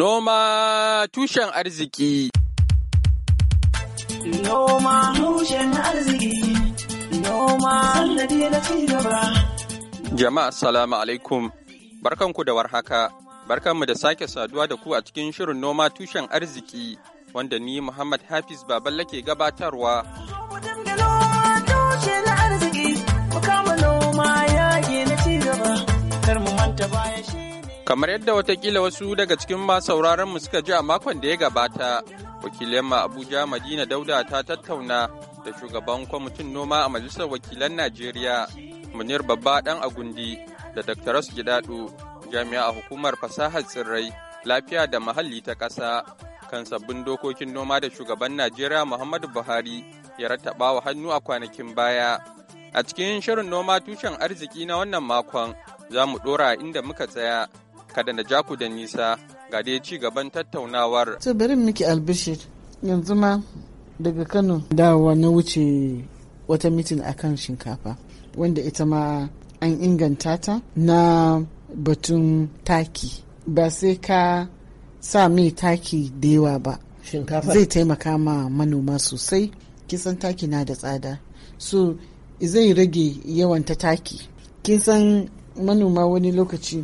Noma tushen arziki. Noma tushen arziki. Noma na cigaba. Jama'a salamu alaikum. Barkanku da warhaka. Barkanmu da sake saduwa da ku a cikin shirin noma tushen arziki wanda ni Muhammad Hafiz Baballe ke gabatarwa. Kar mu manta baya Kamar yadda watakila wasu daga cikin masu mu suka ji a makon da ya gabata, wakilin ma Abuja Madina Dauda ta tattauna da shugaban kwamitin noma a Majalisar Wakilan Najeriya, Munir Babba Dan Agundi da Dr. Gidadu, jami'a a hukumar fasahar tsirrai, lafiya da muhalli ta ƙasa kan sabbin dokokin noma da shugaban Najeriya Muhammadu Buhari ya rattaba wa hannu a kwanakin baya. A cikin shirin noma tushen arziki na wannan makon za mu ɗora inda muka tsaya kada na ja ku da nisa ga dai ci gaban tattaunawar. To bari miki albishir yanzu ma daga Kano dawowa na wuce wata mitin akan shinkafa wanda ita ma an inganta ta na batun taki ba sai ka sa mai taki da yawa ba. Shinkafa zai taimaka ma manoma sosai kisan taki na da tsada so zai rage yawan ta taki Kin san manoma wani lokaci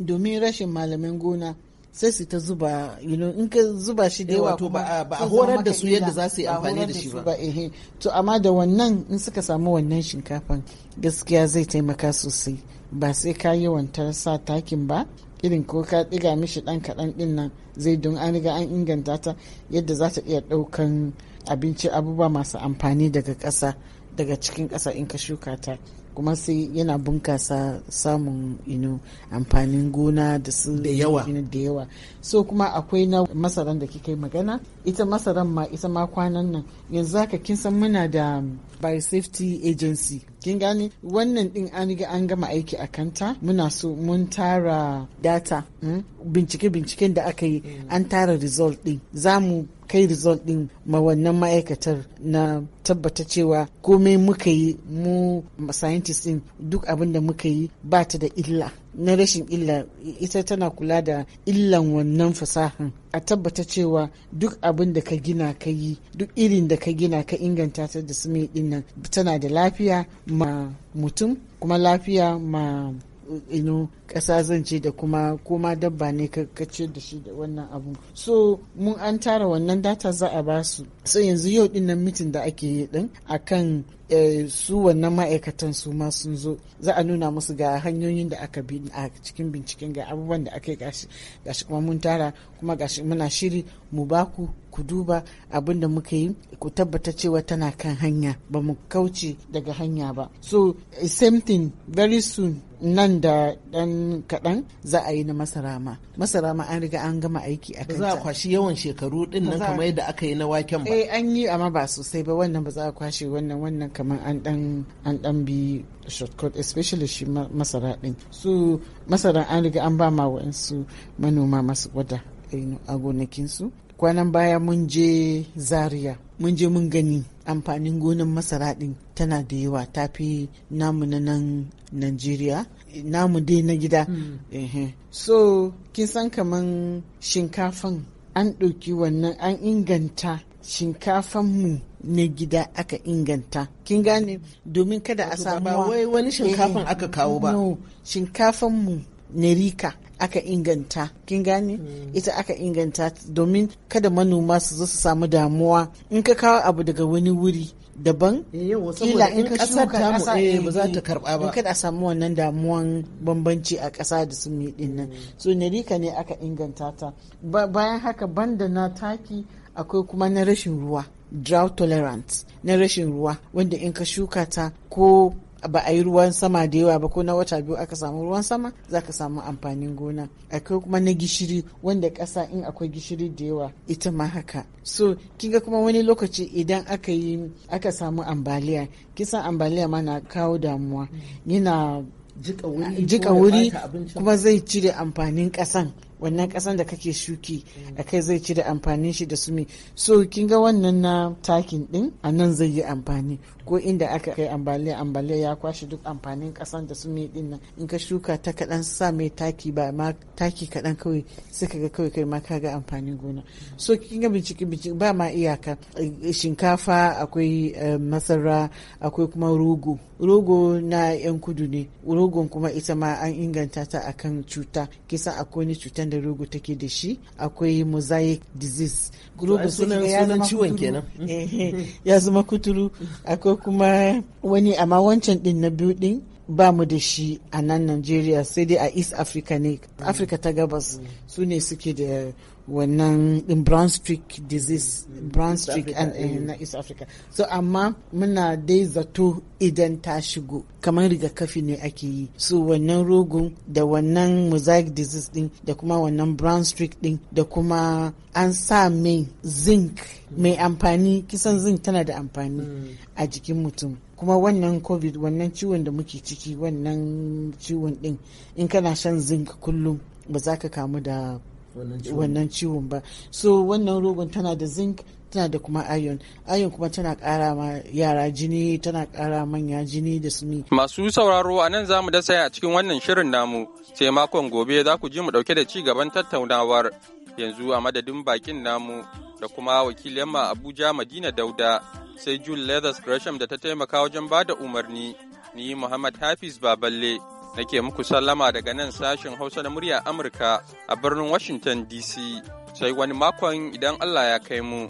domin rashin malamin gona sai su ta zuba in ka zuba shi da yawa eh, ba a horar da su yadda za su yi amfani da shi ba eh, eh. to amma da wannan in suka samu wannan shinkafan gaskiya zai taimaka sosai ba sai ka yi wantar sa takin ba irin ko ka diga mishi ɗan kaɗan din nan zai don an riga an inganta ta yadda za ta iya daukan abinci abubuwa masu amfani daga ƙasa daga cikin ƙasa in ka shuka ta kuma sai yana bunkasa samun ino amfanin gona da su da yawa da yawa so kuma akwai na masaran da kika yi magana ita masaran ma ita ma kwanan nan yanzu haka kin san muna da biosafety agency kin gane wannan din an ga an gama aiki a kanta muna so mun tara data hmm? bincike binciken da aka yi mm. an tara result din za mu kai result din ma wannan ma'aikatar na tabbata cewa komai muka yi mu scientist din duk abin da muka yi ba ta da illa na rashin illa ita tana kula da illan wannan fasahan a tabbata cewa duk abin da ka gina ka yi duk irin da ka gina ka inganta ta da su mai tana da lafiya ma mutum kuma lafiya ma ino ƙasa zance da kuma koma dabba ne ka ce da shi da wannan abu so mun an tara wannan data za a ba su so yanzu yau din nan mitin da ake yi din akan eh, su wannan ma'aikatan su ma sun zo za a nuna musu ga hanyoyin da aka bi a cikin binciken ga abubuwan da aka yi gashi kuma mun tara kuma gashi muna shiri mu baku ku duba abin da muka yi ku tabbata cewa tana kan hanya ba mu kauce daga hanya ba so eh, same thing very soon nan da dan kaɗan za a yi na masara ma masara ma an riga an gama aiki a kanta za a kwashi yawan shekaru din nan kamar yadda aka yi na waken ba eh an yi amma ba sosai ba wannan ba za a kwashe wannan wannan kamar an dan an dan bi shortcut especially shi masara din su masara an riga an ba ma wa'ansu manoma masu gwada eh, a gonakinsu kwanan baya mun je zaria mun je mun gani amfanin gonan masara ɗin tana da yawa ta fi namu na nan najeriya namu dai na gida hmm. so kin san kaman shinkafan an ɗauki wannan an inganta shinkafan mu na gida aka inganta kin gane domin kada a samu wai wani shinkafan eh. aka kawo ba shinkafan mu na rika aka inganta kin gane ita aka inganta domin kada manoma su zo su samu damuwa in ka kawo abu daga wani wuri daban eh, kila in ka shuka kasa eh, eh, ba za ta karba ba kada a samu wannan damuwan bambanci a kasa da su mi din nan mm. so rika ne aka inganta ta bayan haka banda na taki akwai kuma na rashin ruwa drought tolerance na rashin ruwa wanda in ka shuka ta ko ba a yi ruwan sama da yawa ba ko na wata biyu aka samu ruwan sama za ka samu amfanin gona akwai kuma na gishiri wanda ƙasa in akwai gishiri da yawa ita ma haka so kinga kuma wani lokaci idan aka yi aka samu ambaliya kisan ambaliya ma na kawo damuwa yana jika wuri kuma zai cire amfanin ƙasan. wannan kasan da kake shuki a kai zai ci da amfanin shi da sumi so kin ga wannan na takin din a nan zai yi amfani ko inda aka kai ambaliya ambaliya ya kwashe duk amfanin kasan da sumi din nan in ka shuka ta kaɗan sa mai taki ba ma taki kaɗan kawai sai ka ga kawai kai ma ka ga amfanin gona so kin ga bincike bincike ba ma iyaka shinkafa akwai eh, masara akwai kuma rogo rogo na yan kudu ne rogon kuma ita ma an inganta ta akan cuta kisa akwai ni cutan da rugu take da shi akwai mosaic disease rogo sunan ciwon kenan eh, ya zama kuturu akwai kuma wani amma wancan din na biyu din ba mu da shi a nan Najeriya sai dai a East Africa ne Africa ta gabas su ne suke da wannan in brown streak disease brown streak eh, eh. na East Africa so amma muna dai zato idan ta shigo kamar rigakafi ne ake yi so wannan rogon da wannan mosaic disease din da kuma wannan brown streak din da kuma an sa mai zinc mai amfani kisan zinc tana da amfani hmm. a jikin mutum kuma wannan covid wannan ciwon da muke ciki wannan ciwon din in kana shan zinc kullum ba za ka kamu da wannan ciwon ba so wannan rogon tana da zinc tana da kuma iron iron kuma tana kara ma yara jini tana kara manya jini da sumi masu sauraro a nan zamu dasa a cikin wannan shirin namu sai makon gobe za ku ji mu dauke da ci gaban tattaunawar yanzu a madadin bakin namu da kuma wakilin ma abuja madina dauda sai Jule Leathers Gresham da ta taimaka wajen ba da umarni, ni Muhammad Hafiz Baballe nake muku sallama daga nan sashen Hausa na murya Amurka a birnin Washington DC. Sai wani makon idan Allah ya kai mu.